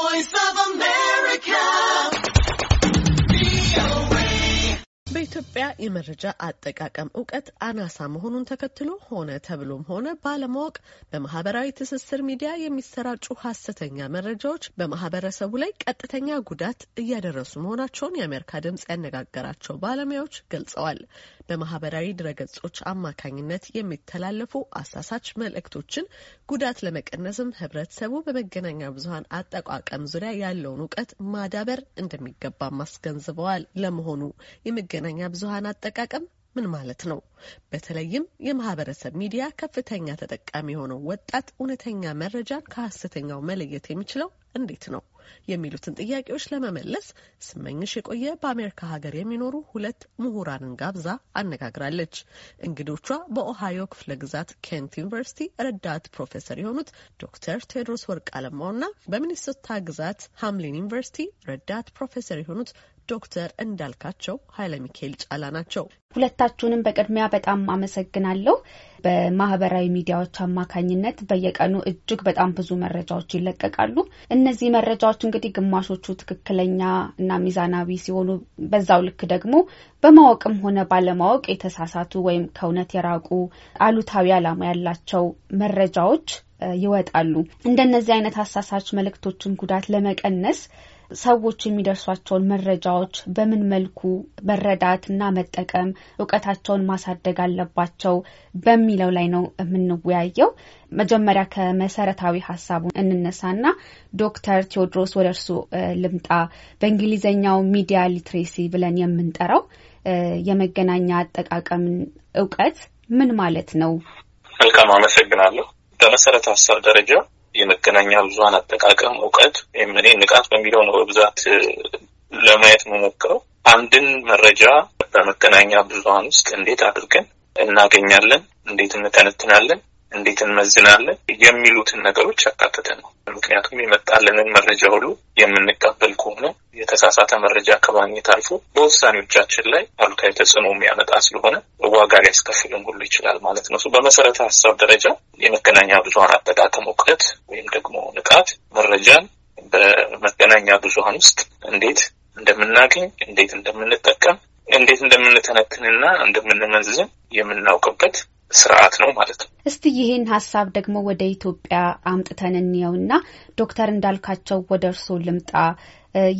voice of America. በኢትዮጵያ የመረጃ አጠቃቀም እውቀት አናሳ መሆኑን ተከትሎ ሆነ ተብሎም ሆነ ባለማወቅ በማህበራዊ ትስስር ሚዲያ የሚሰራጩ ሀሰተኛ መረጃዎች በማህበረሰቡ ላይ ቀጥተኛ ጉዳት እያደረሱ መሆናቸውን የአሜሪካ ድምጽ ያነጋገራቸው ባለሙያዎች ገልጸዋል። በማህበራዊ ድረገጾች አማካኝነት የሚተላለፉ አሳሳች መልእክቶችን ጉዳት ለመቀነስም ህብረተሰቡ በመገናኛ ብዙሀን አጠቃቀም ዙሪያ ያለውን እውቀት ማዳበር እንደሚገባም አስገንዝበዋል። ለመሆኑ የመገናኛ ብዙሀን አጠቃቀም ምን ማለት ነው? በተለይም የማህበረሰብ ሚዲያ ከፍተኛ ተጠቃሚ የሆነው ወጣት እውነተኛ መረጃን ከሀሰተኛው መለየት የሚችለው እንዴት ነው የሚሉትን ጥያቄዎች ለመመለስ ስመኝሽ የቆየ በአሜሪካ ሀገር የሚኖሩ ሁለት ምሁራንን ጋብዛ አነጋግራለች። እንግዶቿ በኦሃዮ ክፍለ ግዛት ኬንት ዩኒቨርሲቲ ረዳት ፕሮፌሰር የሆኑት ዶክተር ቴዎድሮስ ወርቅ አለማውና በሚኒሶታ ግዛት ሃምሊን ዩኒቨርሲቲ ረዳት ፕሮፌሰር የሆኑት ዶክተር እንዳልካቸው ኃይለ ሚካኤል ጫላ ናቸው። ሁለታችሁንም በቅድሚያ በጣም አመሰግናለሁ። በማህበራዊ ሚዲያዎች አማካኝነት በየቀኑ እጅግ በጣም ብዙ መረጃዎች ይለቀቃሉ። እነዚህ መረጃዎች እንግዲህ ግማሾቹ ትክክለኛ እና ሚዛናዊ ሲሆኑ፣ በዛው ልክ ደግሞ በማወቅም ሆነ ባለማወቅ የተሳሳቱ ወይም ከእውነት የራቁ አሉታዊ ዓላማ ያላቸው መረጃዎች ይወጣሉ። እንደነዚህ አይነት አሳሳች መልእክቶችን ጉዳት ለመቀነስ ሰዎች የሚደርሷቸውን መረጃዎች በምን መልኩ መረዳት እና መጠቀም እውቀታቸውን ማሳደግ አለባቸው በሚለው ላይ ነው የምንወያየው። መጀመሪያ ከመሰረታዊ ሀሳቡ እንነሳና ዶክተር ቴዎድሮስ ወደ እርሱ ልምጣ። በእንግሊዝኛው ሚዲያ ሊትሬሲ ብለን የምንጠራው የመገናኛ አጠቃቀምን እውቀት ምን ማለት ነው? መልካም አመሰግናለሁ። በመሰረተ ሀሳብ ደረጃ የመገናኛ ብዙሀን አጠቃቀም እውቀት ወይም እኔ ንቃት በሚለው ነው በብዛት ለማየት መሞክረው። አንድን መረጃ በመገናኛ ብዙሀን ውስጥ እንዴት አድርገን እናገኛለን፣ እንዴት እንተነትናለን፣ እንዴት እንመዝናለን የሚሉትን ነገሮች ያካተተ ነው። ምክንያቱም የመጣልንን መረጃ ሁሉ የምንቀበል ከሆነ የተሳሳተ መረጃ ከማግኘት አልፎ በውሳኔዎቻችን ላይ አሉታዊ ተጽዕኖ የሚያመጣ ስለሆነ ዋጋ ሊያስከፍልን ሁሉ ይችላል ማለት ነው። በመሰረተ ሀሳብ ደረጃ የመገናኛ ብዙሀን አጠቃቀም እውቀት ወይም ደግሞ ንቃት መረጃን በመገናኛ ብዙሀን ውስጥ እንዴት እንደምናገኝ፣ እንዴት እንደምንጠቀም፣ እንዴት እንደምንተነትንና እንደምንመዝን የምናውቅበት ስርዓት ነው ማለት ነው። እስቲ ይህን ሀሳብ ደግሞ ወደ ኢትዮጵያ አምጥተን እንየውና ዶክተር እንዳልካቸው ወደ እርስዎ ልምጣ።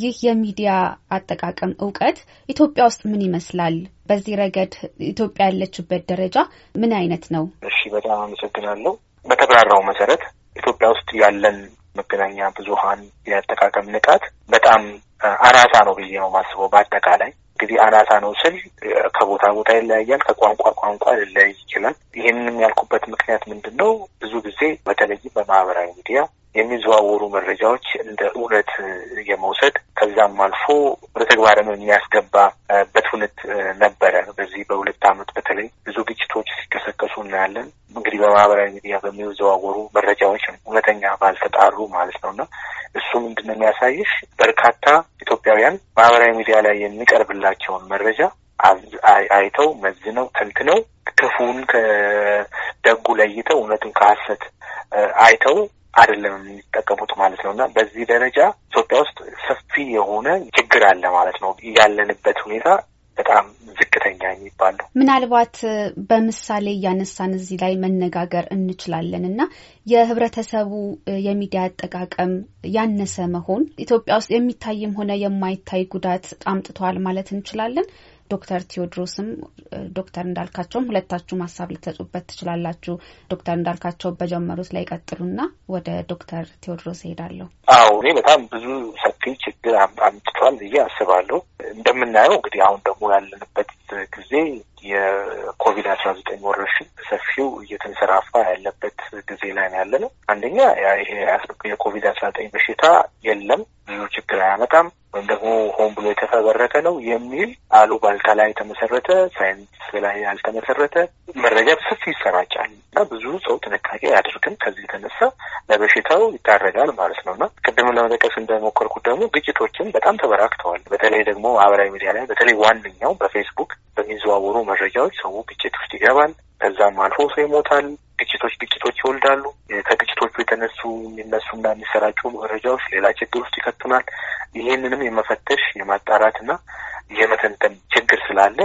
ይህ የሚዲያ አጠቃቀም እውቀት ኢትዮጵያ ውስጥ ምን ይመስላል? በዚህ ረገድ ኢትዮጵያ ያለችበት ደረጃ ምን አይነት ነው? እሺ፣ በጣም አመሰግናለሁ። በተብራራው መሰረት ኢትዮጵያ ውስጥ ያለን መገናኛ ብዙሀን የአጠቃቀም ንቃት በጣም አናሳ ነው ብዬ ነው ማስበው በአጠቃላይ እንግዲህ አናሳ ነው ስል ከቦታ ቦታ ይለያያል፣ ከቋንቋ ቋንቋ ሊለያይ ይችላል። ይህንን ያልኩበት ምክንያት ምንድን ነው? ብዙ ጊዜ በተለይም በማህበራዊ ሚዲያ የሚዘዋወሩ መረጃዎች እንደ እውነት የመውሰድ ከዛም አልፎ በተግባርም የሚያስገባበት እውነት ነበረ። በዚህ በሁለት ዓመት በተለይ ብዙ ግጭቶች ሲከሰ እናያለን። እንግዲህ በማህበራዊ ሚዲያ በሚዘዋወሩ መረጃዎች እውነተኛ ባልተጣሩ ማለት ነው እና እሱ ምንድን ነው የሚያሳይሽ በርካታ ኢትዮጵያውያን ማህበራዊ ሚዲያ ላይ የሚቀርብላቸውን መረጃ አይተው መዝነው ተንትነው ክፉን ከደጉ ለይተው እውነቱን ከሀሰት አይተው አይደለም የሚጠቀሙት ማለት ነው እና በዚህ ደረጃ ኢትዮጵያ ውስጥ ሰፊ የሆነ ችግር አለ ማለት ነው። ያለንበት ሁኔታ በጣም ዝቅተኛ የሚባል ነው። ምናልባት በምሳሌ እያነሳን እዚህ ላይ መነጋገር እንችላለን እና የህብረተሰቡ የሚዲያ አጠቃቀም ያነሰ መሆን ኢትዮጵያ ውስጥ የሚታይም ሆነ የማይታይ ጉዳት አምጥተዋል ማለት እንችላለን። ዶክተር ቴዎድሮስም ዶክተር እንዳልካቸውም ሁለታችሁም ሀሳብ ልትሰጡበት ትችላላችሁ። ዶክተር እንዳልካቸው በጀመሩት ላይ ቀጥሉና ወደ ዶክተር ቴዎድሮስ እሄዳለሁ። አዎ እኔ በጣም ብዙ ሰፊ ችግር አምጥቷል ብዬ አስባለሁ። እንደምናየው እንግዲህ አሁን ደግሞ ያለንበት ጊዜ የኮቪድ አስራ ዘጠኝ ወረርሽኝ ሰፊው እየተንሰራፋ ያለበት ጊዜ ላይ ነው ያለነው። አንደኛ ይሄ የኮቪድ አስራ ዘጠኝ በሽታ የለም ብዙ ችግር አያመጣም ወይም ደግሞ ሆን ብሎ የተፈበረከ ነው የሚል አሉባልታ ላይ የተመሰረተ ሳይንስ ላይ ያልተመሰረተ መረጃ ሰፊ ይሰራጫል እና ብዙ ሰው ጥንቃቄ አያደርግም። ከዚህ የተነሳ ለበሽታው ይታረጋል ማለት ነው እና ቅድም ለመጠቀስ እንደሞከርኩት ደግሞ ግጭቶችን በጣም ተበራክተዋል። በተለይ ደግሞ ማህበራዊ ሚዲያ ላይ በተለይ ዋነኛው በፌስቡክ በሚዘዋወሩ መረጃዎች ሰው ግጭት ውስጥ ይገባል። ከዛም አልፎ ሰው ይሞታል። ግጭቶች ግጭቶች ይወልዳሉ። ከግጭቶቹ የተነሱ የሚነሱና የሚሰራጩ መረጃዎች ሌላ ችግር ውስጥ ይከቱናል። ይህንንም የመፈተሽ የማጣራትና የመተንተን ችግር ስላለ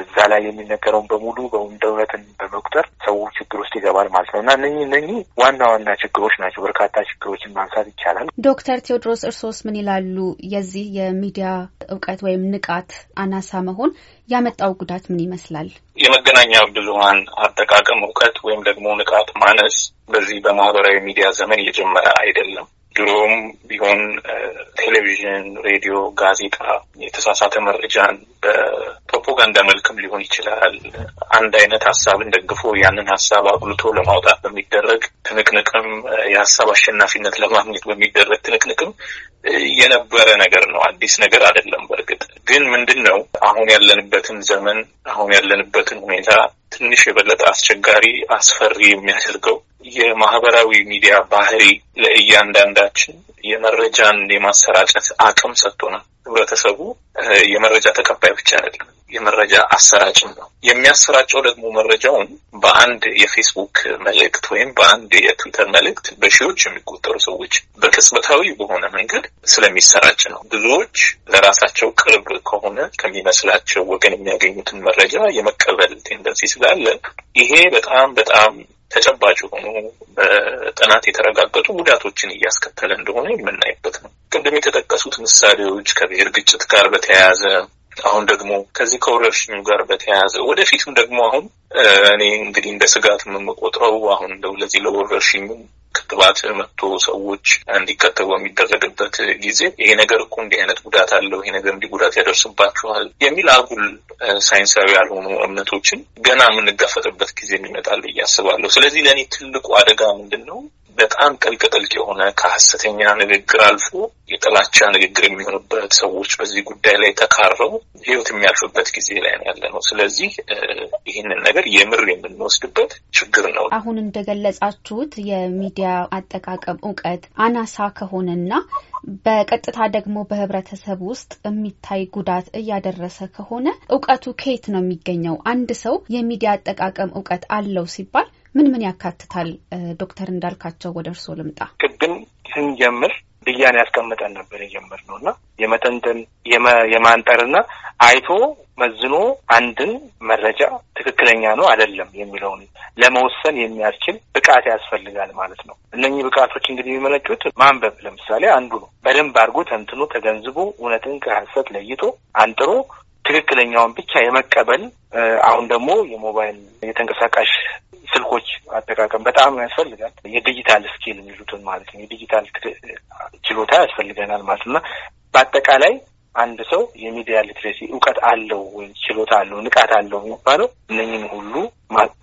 እዛ ላይ የሚነገረውን በሙሉ እንደ እውነትን በመቁጠር ሰው ችግር ውስጥ ይገባል ማለት ነው እና እነኚህ እነኚህ ዋና ዋና ችግሮች ናቸው። በርካታ ችግሮችን ማንሳት ይቻላል። ዶክተር ቴዎድሮስ እርሶስ ምን ይላሉ? የዚህ የሚዲያ እውቀት ወይም ንቃት አናሳ መሆን ያመጣው ጉዳት ምን ይመስላል? የመገናኛ ብዙሀን አጠቃቀም እውቀት ወይም ደግሞ ንቃት ማነስ በዚህ በማህበራዊ ሚዲያ ዘመን እየጀመረ አይደለም። ድሮም ቢሆን ቴሌቪዥን፣ ሬዲዮ፣ ጋዜጣ የተሳሳተ መረጃን በፕሮፓጋንዳ መልክም ሊሆን ይችላል አንድ አይነት ሀሳብን ደግፎ ያንን ሀሳብ አጉልቶ ለማውጣት በሚደረግ ትንቅንቅም የሀሳብ አሸናፊነት ለማግኘት በሚደረግ ትንቅንቅም የነበረ ነገር ነው። አዲስ ነገር አይደለም። በእርግጥ ግን ምንድን ነው አሁን ያለንበትን ዘመን አሁን ያለንበትን ሁኔታ ትንሽ የበለጠ አስቸጋሪ፣ አስፈሪ የሚያደርገው የማህበራዊ ሚዲያ ባህሪ ለእያንዳንዳችን የመረጃን የማሰራጨት አቅም ሰጥቶናል። ህብረተሰቡ የመረጃ ተቀባይ ብቻ አይደለም፣ የመረጃ አሰራጭም ነው። የሚያሰራጨው ደግሞ መረጃውን በአንድ የፌስቡክ መልእክት ወይም በአንድ የትዊተር መልእክት በሺዎች የሚቆጠሩ ሰዎች በቅጽበታዊ በሆነ መንገድ ስለሚሰራጭ ነው። ብዙዎች ለራሳቸው ቅርብ ከሆነ ከሚመስላቸው ወገን የሚያገኙትን መረጃ የመቀበል ቴንደንሲ ስላለ ይሄ በጣም በጣም ተጨባጭ የሆኑ በጥናት የተረጋገጡ ጉዳቶችን እያስከተለ እንደሆነ የምናይበት ነው። ቅድም የተጠቀሱት ምሳሌዎች ከብሔር ግጭት ጋር በተያያዘ አሁን ደግሞ ከዚህ ከወረርሽኙ ጋር በተያያዘ ወደፊትም ደግሞ አሁን እኔ እንግዲህ እንደ ስጋት የምቆጥረው አሁን እንደው ለዚህ ለወረርሽኙ ክትባት መጥቶ ሰዎች እንዲከተቡ በሚደረግበት ጊዜ ይሄ ነገር እኮ እንዲህ አይነት ጉዳት አለው፣ ይሄ ነገር እንዲህ ጉዳት ያደርስባችኋል የሚል አጉል ሳይንሳዊ ያልሆኑ እምነቶችን ገና የምንጋፈጥበት ጊዜ ይመጣል ብዬ አስባለሁ። ስለዚህ ለእኔ ትልቁ አደጋ ምንድን ነው? በጣም ጥልቅ ጥልቅ የሆነ ከሀሰተኛ ንግግር አልፎ የጥላቻ ንግግር የሚሆንበት ሰዎች በዚህ ጉዳይ ላይ ተካረው ህይወት የሚያልፍበት ጊዜ ላይ ነው ያለ ነው። ስለዚህ ይህንን ነገር የምር የምንወስድበት ችግር ነው። አሁን እንደገለጻችሁት የሚዲያ አጠቃቀም እውቀት አናሳ ከሆነና በቀጥታ ደግሞ በህብረተሰብ ውስጥ የሚታይ ጉዳት እያደረሰ ከሆነ እውቀቱ ከየት ነው የሚገኘው? አንድ ሰው የሚዲያ አጠቃቀም እውቀት አለው ሲባል ምን ምን ያካትታል? ዶክተር እንዳልካቸው ወደ እርስዎ ልምጣ። ህግን ስንጀምር ብያን ያስቀምጠን ነበር ነው እና የመተንተን የማንጠርና አይቶ መዝኖ አንድን መረጃ ትክክለኛ ነው አይደለም የሚለውን ለመወሰን የሚያስችል ብቃት ያስፈልጋል ማለት ነው። እነኚህ ብቃቶች እንግዲህ የሚመነጩት ማንበብ ለምሳሌ አንዱ ነው። በደንብ አድርጎ ተንትኖ ተገንዝቦ እውነትን ከሐሰት ለይቶ አንጥሮ ትክክለኛውን ብቻ የመቀበል አሁን ደግሞ የሞባይል የተንቀሳቃሽ ስልኮች አጠቃቀም በጣም ያስፈልጋል። የዲጂታል ስኪል የሚሉትን ማለት ነው። የዲጂታል ችሎታ ያስፈልገናል ማለት እና በአጠቃላይ አንድ ሰው የሚዲያ ሊትሬሲ እውቀት አለው ወይ ችሎታ አለው ንቃት አለው የሚባለው እነኝን ሁሉ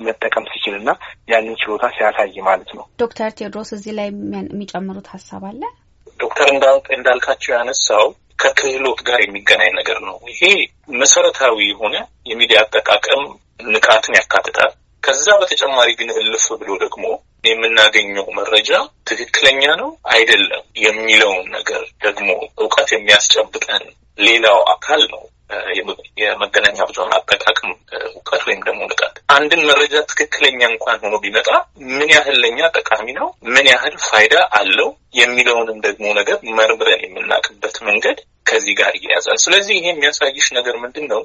መጠቀም ሲችል እና ያንን ችሎታ ሲያሳይ ማለት ነው። ዶክተር ቴዎድሮስ እዚህ ላይ የሚጨምሩት ሀሳብ አለ? ዶክተር እንዳልካቸው ያነሳው ከክህሎት ጋር የሚገናኝ ነገር ነው። ይሄ መሰረታዊ የሆነ የሚዲያ አጠቃቀም ንቃትን ያካትታል። ከዛ በተጨማሪ ግን እልፍ ብሎ ደግሞ የምናገኘው መረጃ ትክክለኛ ነው አይደለም የሚለውን ነገር ደግሞ እውቀት የሚያስጨብጠን ሌላው አካል ነው የመገናኛ ብዙሃን አጠቃቀም እውቀት ወይም ደግሞ ንቀት አንድን መረጃ ትክክለኛ እንኳን ሆኖ ቢመጣ ምን ያህል ለኛ ጠቃሚ ነው፣ ምን ያህል ፋይዳ አለው የሚለውንም ደግሞ ነገር መርምረን የምናውቅበት መንገድ ከዚህ ጋር ይያዛል። ስለዚህ ይሄ የሚያሳይሽ ነገር ምንድን ነው?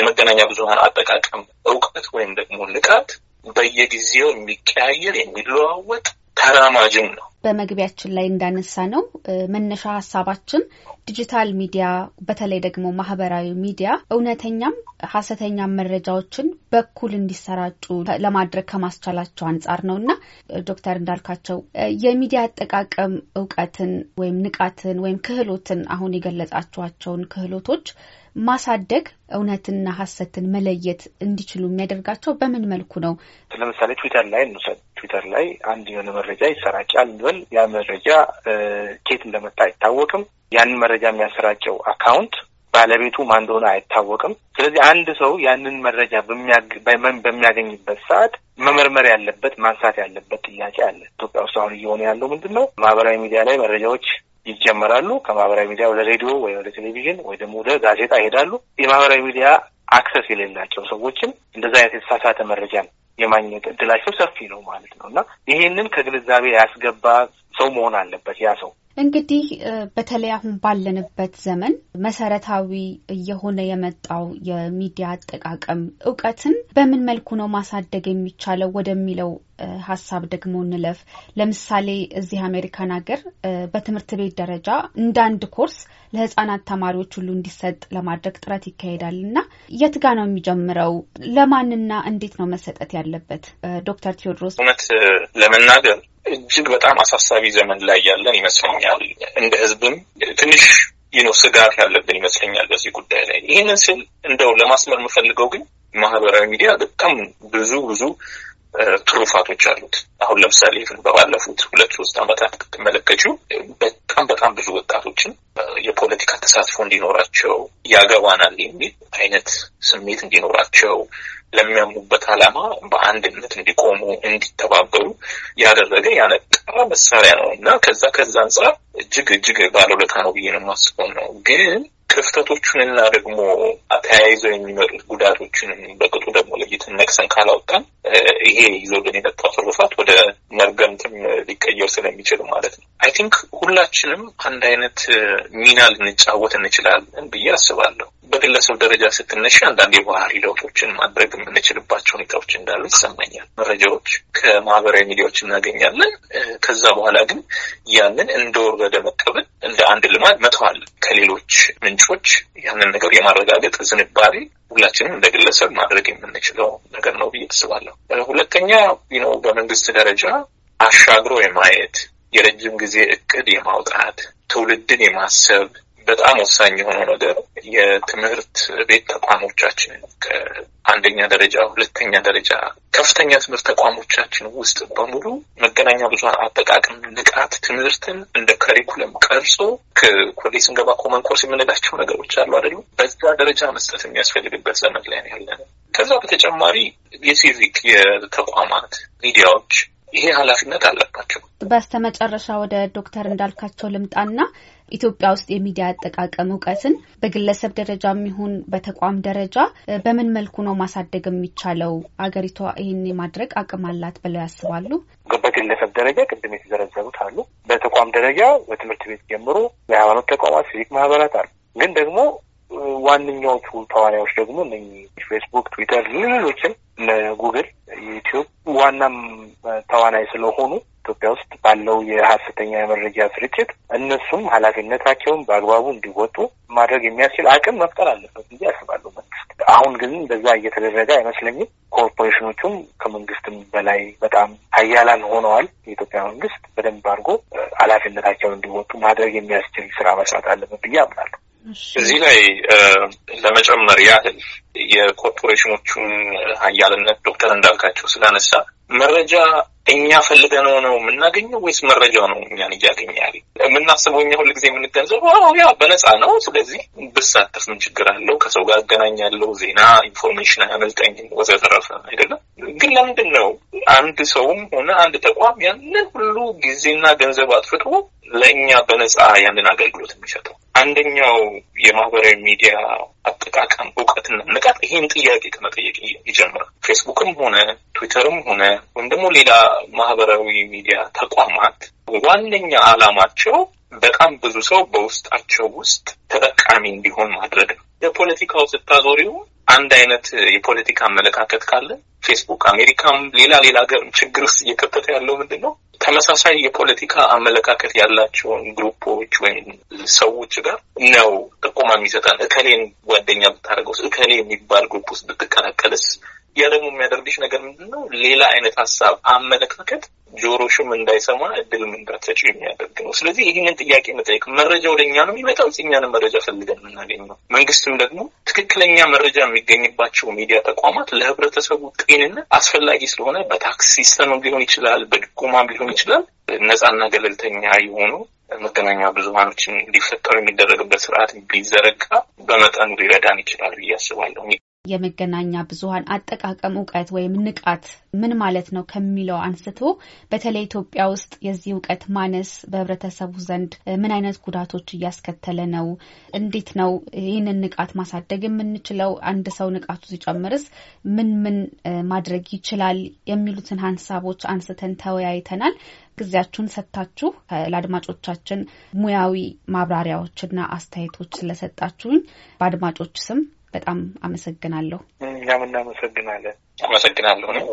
የመገናኛ ብዙሀን አጠቃቀም እውቀት ወይም ደግሞ ንቃት በየጊዜው የሚቀያየር የሚለዋወጥ ተራማጅም ነው። በመግቢያችን ላይ እንዳነሳ ነው መነሻ ሀሳባችን ዲጂታል ሚዲያ በተለይ ደግሞ ማህበራዊ ሚዲያ እውነተኛም ሀሰተኛም መረጃዎችን በኩል እንዲሰራጩ ለማድረግ ከማስቻላቸው አንጻር ነው እና ዶክተር እንዳልካቸው የሚዲያ አጠቃቀም እውቀትን ወይም ንቃትን ወይም ክህሎትን አሁን የገለጻችኋቸውን ክህሎቶች ማሳደግ እውነትና ሀሰትን መለየት እንዲችሉ የሚያደርጋቸው በምን መልኩ ነው? ለምሳሌ ትዊተር ላይ እንውሰድ። ትዊተር ላይ አንድ የሆነ መረጃ ይሰራጫል እንበል። ያ መረጃ ኬት እንደመጣ አይታወቅም። ያንን መረጃ የሚያሰራጨው አካውንት ባለቤቱ ማን እንደሆነ አይታወቅም። ስለዚህ አንድ ሰው ያንን መረጃ በሚያገኝበት ሰዓት መመርመር ያለበት ማንሳት ያለበት ጥያቄ አለ። ኢትዮጵያ ውስጥ አሁን እየሆነ ያለው ምንድን ነው? ማህበራዊ ሚዲያ ላይ መረጃዎች ይጀመራሉ። ከማህበራዊ ሚዲያ ወደ ሬዲዮ ወይ ወደ ቴሌቪዥን ወይ ደግሞ ወደ ጋዜጣ ይሄዳሉ። የማህበራዊ ሚዲያ አክሰስ የሌላቸው ሰዎችም እንደዛ አይነት የተሳሳተ መረጃን የማግኘት እድላቸው ሰፊ ነው ማለት ነው እና ይሄንን ከግንዛቤ ያስገባ ሰው መሆን አለበት ያ ሰው እንግዲህ በተለይ አሁን ባለንበት ዘመን መሰረታዊ እየሆነ የመጣው የሚዲያ አጠቃቀም እውቀትን በምን መልኩ ነው ማሳደግ የሚቻለው ወደሚለው ሀሳብ ደግሞ እንለፍ። ለምሳሌ እዚህ አሜሪካን ሀገር በትምህርት ቤት ደረጃ እንደ አንድ ኮርስ ለህፃናት ተማሪዎች ሁሉ እንዲሰጥ ለማድረግ ጥረት ይካሄዳል እና የት ጋ ነው የሚጀምረው? ለማንና እንዴት ነው መሰጠት ያለበት? ዶክተር ቴዎድሮስ እውነት ለመናገር እጅግ በጣም አሳሳቢ ዘመን ላይ ያለን ይመስለኛል። እንደ ህዝብም ትንሽ ይኖ ስጋት ያለብን ይመስለኛል በዚህ ጉዳይ ላይ። ይህንን ስል እንደው ለማስመር የምፈልገው ግን ማህበራዊ ሚዲያ በጣም ብዙ ብዙ ትሩፋቶች አሉት። አሁን ለምሳሌ በባለፉት ሁለት ሶስት ዓመታት ትመለከችው በጣም በጣም ብዙ ወጣቶችን የፖለቲካ ተሳትፎ እንዲኖራቸው ያገባናል የሚል አይነት ስሜት እንዲኖራቸው ለሚያምኑበት ዓላማ በአንድነት እንዲቆሙ እንዲተባበሩ ያደረገ ያነቃ መሳሪያ ነው እና ከዛ ከዛ አንጻር እጅግ እጅግ ባለውለታ ነው ብዬ ነው የማስበው ነው ግን ክፍተቶቹንና ደግሞ ተያይዘው የሚመጡት ጉዳቶችን በቅጡ ደግሞ ለይትን ነቅሰን ካላወጣን ይሄ ይዘው ግን የመጣው ትሩፋት ወደ መርገምትም ሊቀየር ስለሚችል ማለት ነው። አይ ቲንክ ሁላችንም አንድ አይነት ሚና ልንጫወት እንችላለን ብዬ አስባለሁ። በግለሰብ ደረጃ ስትነሽ አንዳንድ የባህሪ ለውጦችን ማድረግ የምንችልባቸው ሁኔታዎች እንዳሉ ይሰማኛል። መረጃዎች ከማህበራዊ ሚዲያዎች እናገኛለን። ከዛ በኋላ ግን ያንን እንደወረደ መቀበል እንደ አንድ ልማድ መተዋል። ከሌሎች ምንጮች ያንን ነገር የማረጋገጥ ዝንባሌ ሁላችንም እንደ ግለሰብ ማድረግ የምንችለው ነገር ነው ብዬ አስባለሁ። ሁለተኛ ነው በመንግስት ደረጃ አሻግሮ የማየት የረጅም ጊዜ እቅድ የማውጣት ትውልድን የማሰብ በጣም ወሳኝ የሆነው ነገር የትምህርት ቤት ተቋሞቻችን ከአንደኛ ደረጃ፣ ሁለተኛ ደረጃ ከፍተኛ ትምህርት ተቋሞቻችን ውስጥ በሙሉ መገናኛ ብዙሀን አጠቃቀም ንቃት ትምህርትን እንደ ከሪኩለም ቀርጾ ከኮሌጅ ስንገባ ኮመን ኮርስ የምንላቸው ነገሮች አሉ አይደሉም? በዛ ደረጃ መስጠት የሚያስፈልግበት ዘመን ላይ ነው ያለን ከዛ በተጨማሪ የሲቪክ የተቋማት ሚዲያዎች ይሄ ኃላፊነት አለባቸው። በስተመጨረሻ ወደ ዶክተር እንዳልካቸው ልምጣና ኢትዮጵያ ውስጥ የሚዲያ አጠቃቀም እውቀትን በግለሰብ ደረጃ የሚሆን በተቋም ደረጃ በምን መልኩ ነው ማሳደግ የሚቻለው? አገሪቷ ይህን የማድረግ አቅም አላት ብለው ያስባሉ? በግለሰብ ደረጃ ቅድም የተዘረዘሩት አሉ። በተቋም ደረጃ በትምህርት ቤት ጀምሮ የሃይማኖት ተቋማት፣ ሲቪክ ማህበራት አሉ። ግን ደግሞ ዋነኛዎቹ ተዋናዮች ደግሞ ፌስቡክ፣ ትዊተር፣ ሌሎችም ጉግል፣ ዩቲዩብ ዋናም ተዋናይ ስለሆኑ ኢትዮጵያ ውስጥ ባለው የሀሰተኛ የመረጃ ስርጭት እነሱም ኃላፊነታቸውን በአግባቡ እንዲወጡ ማድረግ የሚያስችል አቅም መፍጠር አለበት ብዬ አስባለሁ መንግስት። አሁን ግን በዛ እየተደረገ አይመስለኝም። ኮርፖሬሽኖቹም ከመንግስትም በላይ በጣም ሀያላን ሆነዋል። የኢትዮጵያ መንግስት በደንብ አድርጎ ኃላፊነታቸውን እንዲወጡ ማድረግ የሚያስችል ስራ መስራት አለበት ብዬ አምናለሁ። እዚህ ላይ ለመጨመር ያህል የኮርፖሬሽኖቹን ሀያልነት ዶክተር እንዳልካቸው ስላነሳ መረጃ እኛ ፈልገነው ነው የምናገኘው ወይስ መረጃው ነው እኛን እያገኘ ያለ? የምናስበው እኛ ሁልጊዜ የምንገንዘበው ያ በነፃ ነው፣ ስለዚህ ብሳተፍ ምን ችግር አለው? ከሰው ጋር ያለው ዜና ኢንፎርሜሽን አያመልጠኝም፣ ወዘተረፈ አይደለም። ግን ለምንድን ነው አንድ ሰውም ሆነ አንድ ተቋም ያንን ሁሉ ጊዜና ገንዘብ አጥፍቶ ለእኛ በነፃ ያንን አገልግሎት የሚሰጠው? አንደኛው የማህበራዊ ሚዲያ አጠቃቀም እውቀትና ንቃት ይህን ጥያቄ ከመጠየቅ ይጀምራል። ፌስቡክም ሆነ ትዊተርም ሆነ ወይም ደግሞ ሌላ ማህበራዊ ሚዲያ ተቋማት ዋነኛ አላማቸው በጣም ብዙ ሰው በውስጣቸው ውስጥ ተጠቃሚ እንዲሆን ማድረግ ነው። የፖለቲካው ስታዞሪው አንድ አይነት የፖለቲካ አመለካከት ካለ ፌስቡክ አሜሪካም ሌላ ሌላ ሀገር ችግር ውስጥ እየከተተ ያለው ምንድን ነው? ተመሳሳይ የፖለቲካ አመለካከት ያላቸውን ግሩፖች ወይም ሰዎች ጋር ነው ጥቆማ የሚሰጠን። እከሌን ጓደኛ ብታደርገውስ፣ እከሌ የሚባል ግሩፕ ውስጥ ብትቀላቀልስ ያ ደግሞ የሚያደርግሽ ነገር ምንድን ነው? ሌላ አይነት ሀሳብ፣ አመለካከት ጆሮሽም እንዳይሰማ እድል እንዳትሰጪው የሚያደርግ ነው። ስለዚህ ይህንን ጥያቄ መጠየቅ መረጃ ወደ እኛ ነው የሚመጣው፣ እኛንም መረጃ ፈልገን የምናገኝ ነው። መንግስትም ደግሞ ትክክለኛ መረጃ የሚገኝባቸው ሚዲያ ተቋማት ለህብረተሰቡ ጤንነት አስፈላጊ ስለሆነ በታክስ ሲስተም ሊሆን ይችላል፣ በድጎማም ሊሆን ይችላል ነጻና ገለልተኛ የሆኑ መገናኛ ብዙሀኖችን ሊፈጠሩ የሚደረግበት ስርዓት ቢዘረጋ በመጠኑ ሊረዳን ይችላል ብዬ አስባለሁ። የመገናኛ ብዙሀን አጠቃቀም እውቀት ወይም ንቃት ምን ማለት ነው ከሚለው አንስቶ በተለይ ኢትዮጵያ ውስጥ የዚህ እውቀት ማነስ በህብረተሰቡ ዘንድ ምን አይነት ጉዳቶች እያስከተለ ነው? እንዴት ነው ይህንን ንቃት ማሳደግ የምንችለው? አንድ ሰው ንቃቱ ሲጨምርስ ምን ምን ማድረግ ይችላል? የሚሉትን ሀንሳቦች አንስተን ተወያይተናል። ጊዜያችሁን ሰጥታችሁ ለአድማጮቻችን ሙያዊ ማብራሪያዎችና አስተያየቶች ስለሰጣችሁኝ በአድማጮች ስም በጣም አመሰግናለሁ። እኛም እናመሰግናለን። አመሰግናለሁ